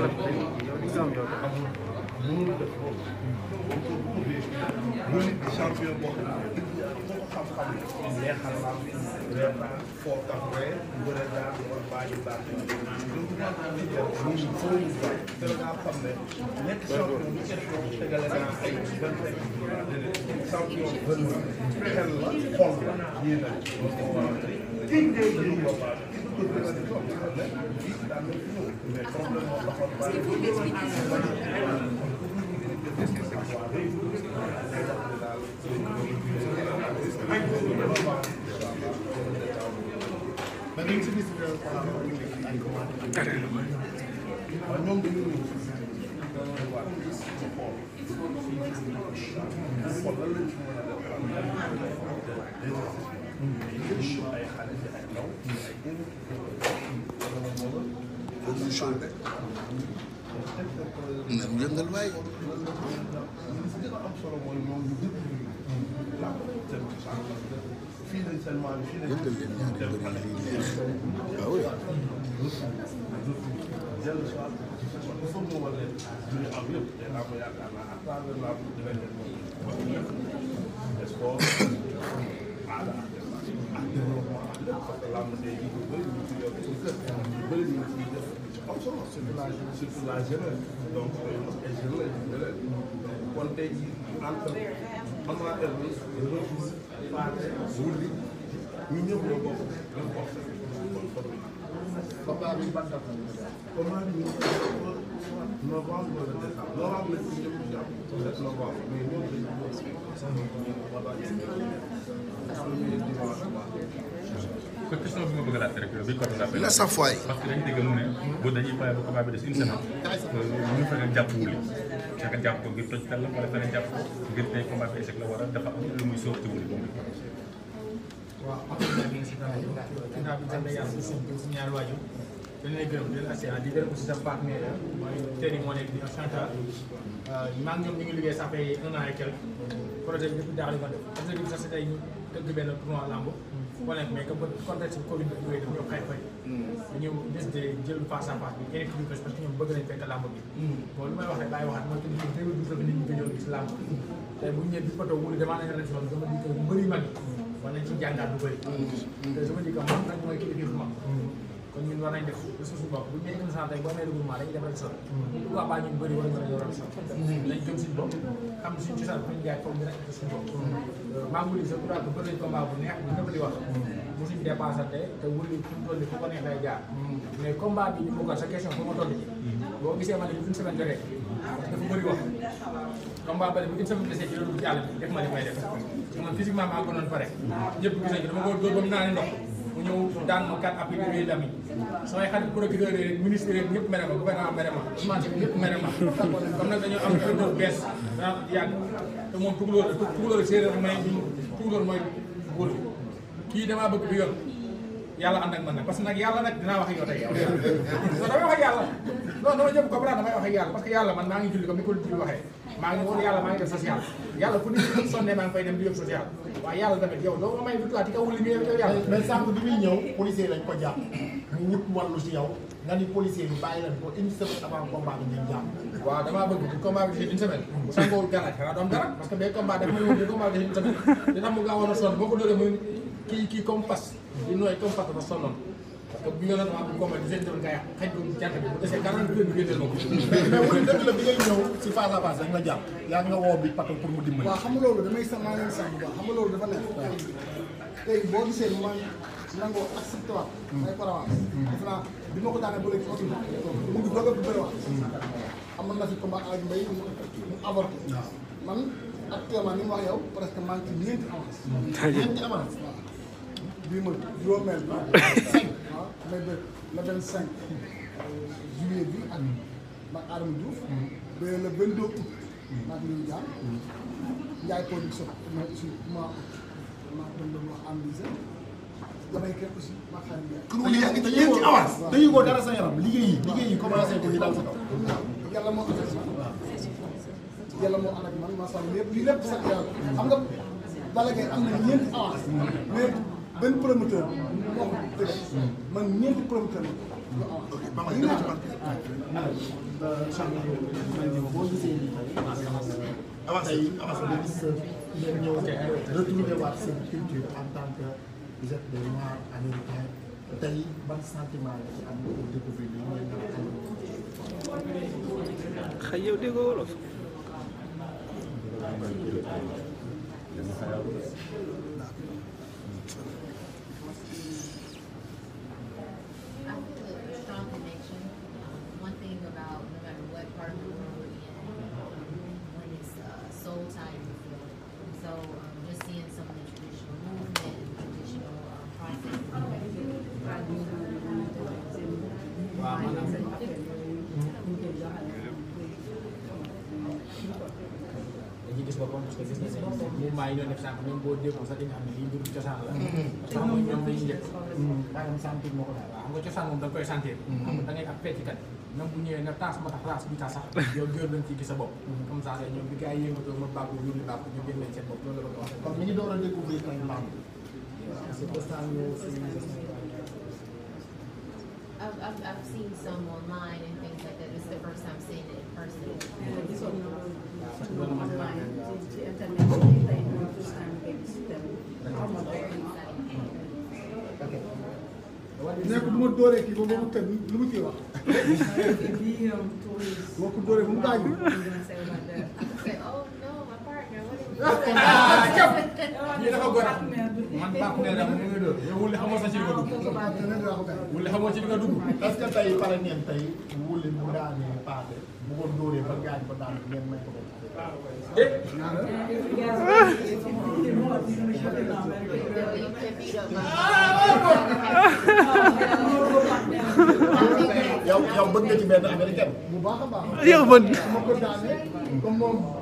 mënul def loolu lu nit champion boo xam ne dëgg yàlla moo ko xam-xam la neexal la vraiment foo tax ree bëre daa war baaji baax donc naa ci jël muy foofu baax te naa xam ne nekk champion bu question tegale naa ay vingt et un champion xel la xol la yéen a ay xale ay ndaw شرب من الماء يقل يعني بريلين يا surtout la jeunesse donc ay jeunes lañ jeunes lañ kon tey jii entre amateur bi refus paase wulli ñu ñëpp ñoo bokk même force kon combat bi ban date la combat bi novembre décembre novembre lañ ko jëm ci am sept novembre mais ñoom dañ ko ko question bi ma bëgg a laaj rek bi corona bi la sax fooy parce que dañu dégg mu ne bu dañuy fay ba combat bi des une semaine euh, ñu fexe jàpp wuli fexe jàpp ko ngir toj tal la wala fexe jàpp ngir tey combat bi échec la war a dafa am lu muy sorti wuli ginnaaw bi sant yàlla si si ñaari waajur dañ lay gërëm di la assurance di gërëm aussi sa partenaire la mooy tey moo nekk di Chantal maa ngi ñoom ñu ngi liggéey ça fait un an et li ko def parce que bi sax si tey ñu tëgg benn tournoi lamb wala mais que contexte Covid bi ñëwee dañoo xay fay dañu décidé jël face à face bi kenn gis lamb tey bu ñu ñëwee bi photo damaa nañ ren si loolu dama di ko bëri mag mën nañ ci jàngat bu bëri. Mm. te je me dis que moom nag mooy kii bi ma. Mm. kon ñun war nañ def ba suñu bopp bu ñu nee santé boo nee regroupement dañuy def rek sax. pourquoi mm. pas ñun bëri war nañu ko yoral sax. dañ gëm suñu bopp xam suñu cosaan bu ñu jaay foofu ñu nekk suñu bopp. maa ngi wuti je crois que bëri combat bu neex bu ñëpp di wax. mosuñ dépassé te wuli fu mu toll nii fu ko neex day jaar. mais combat bi ñu ko sa question fu ma toll nii. boo gisee ma ne une semaine joxe. parce que dafa bëri wax. combat bëri bu une semaine desee ci loolu ci àll bi def ma li may def man physiquement maa ko noonu pare ñëpp gis nañu ba mu naa ne ndox mu ñëw daan ma kat appliqué yooyu dami ma bi ñëpp mere ma comme nag dañoo am ko kii damaa bëgg bi yàlla ànd ak man nag parce que nag yàlla nag dinaa wax ak yow damaa bëgg ci combat bu sangoo galaaj xanaa doom dara parce que bee combat daf may wut combat bi une semaine dina mu gaawoon a sonn boo ko dóoree muy kii kii comme di nooy comme Fatou ba sonnoon parce que bu ñu doon wax bu combat di seen doon xaj bu jant bi bu desee quarante heures bi ma ko mais wala dëgg la bi ngay ñëw si face à nga jàpp yaa nga woo bi patal pour mu dimbali waaw xam damay sama leen sax bu baax dafa neex tey boo gisee man nangoo accepté waat hmm. ay paravance hmm. def bi ma ko daanee ba léegi otu mu ngi doog a bu bëri waat hmm. amoon na fi combat ak mbay mu avorté man actuellement ni mu wax yow presque maa ngi ci ñeenti avance ñeenti avance bii mooy juróomeel bi cinq le vingt cinq juillet bi ak mag Adama Diouf ba le vingt deux août maag ñun jaan Ndiaye production ma aussi ma ma doon doon wax amlise damay kenn aussi ma xaar Ndiaye te yéen ci dara sa yaram liggéey yi liggéey yi commencé ko ñu sa kaw yàlla moo ànd ak man yàlla moo ànd ak man maa sha Allah lépp lii lépp sax yàlla xam am na ñeenti avance mm. benn promoteur moo ko def man ñeenti promoteur ok ba ma dama ci barke. boo gisee lii tey avancé ngeen ñëw retrouver waat seen culture en tant que vous êtes des noirs américains tey ban sentiment la ci am pour découvrir li ngeen nar a am. xëy yow déggoo wolof. boppam parce que ñoo def sànq même boo déggoon sax dañu xam lii mbirum cosaan la parce mm-hmm. mm-hmm. mm-hmm. xam nga cosaan moom da koy sentir xam nga taas ma tax taas sax yow góor lañ ciy sa bopp comme ça ñoom bi gars yi yëngatoo ma bàkku ñu li bàkku ñu génn leen seen bopp loolu la ko wax kon mi door a découvrir I've, I've, I've seen some online and things like that. It's the first time seeing it in person. nekk bu ma dooree kii ba ba mu tëdd lu mu ciy wax. boo ko dooree man baax nee na wulli xamoo sa ci li nga dugg ah, wulli xamoo ci li nga dugg parce que tey pare ngeen tey wulli mu daanee paase bu ko dóoree ba gaañ ko daan ngeen may ko eh? ah, yow yow bëgg nga ci benn américaine bu baax a baax yow bëgg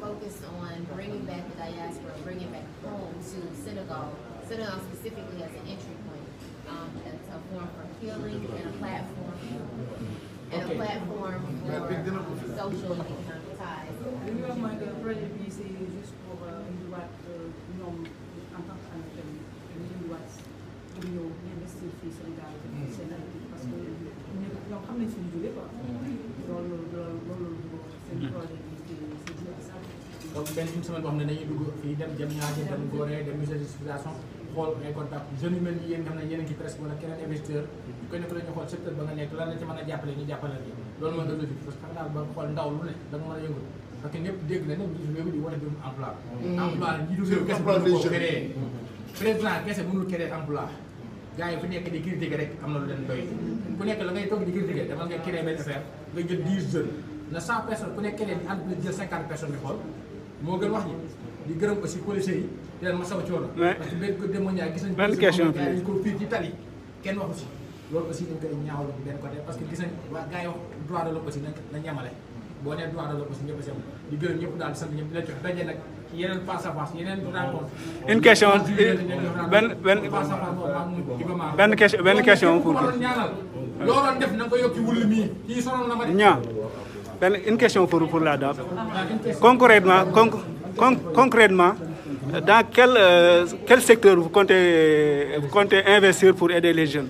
focused on bringing back the diaspora, bringing back home to Senegal. Senegal specifically as an entry point, um, a, a form for healing and a platform, and okay. a platform for social and economic ties. Mm. donc benn une semaine boo xam ne dañuy dugg fii dem jëm nekk a naa ba xool ndaw lu ne da nga mën na ne njiitu mm. nekk di critiquer rek am na lu leen doy ku nekk la ngay toog di critiquer dama nga créer benn affaire nga jël dix jeunes na cent personnes ku nekk keneen entreprise jël cinquante personnes bi xool moo gën wax ji di gërëm aussi policiers yi di masa masaw coono. parce que benn démb ñaar gis nañ. benn question bi gis ko fii ci tali kenn waxu si. loolu aussi dañ koy ñaawlu bu benn côté parce que gis nañ waa gars yi wax droit de l'homme aussi nañ nañ yemale boo droit de l'homme ñëpp a di gërëm ñëpp daal di sant ñëpp di la jox daje nag ci yeneen face à face yeneen rencontre. une question benn benn benn question benn question pour. looloon def na ko yokk ci wulli mii sonal na ma une question pour, pour la Concrètement, concrètement dans quel, euh, quel secteur vous comptez, vous comptez investir pour aider les jeunes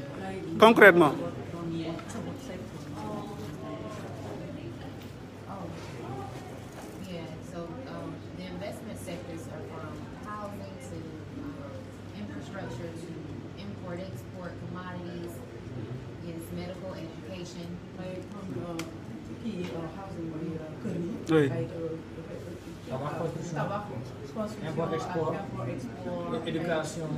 Concrètement. Right. Tabaco Educação.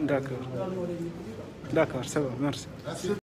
D'accord. D'accord, ça va, merci.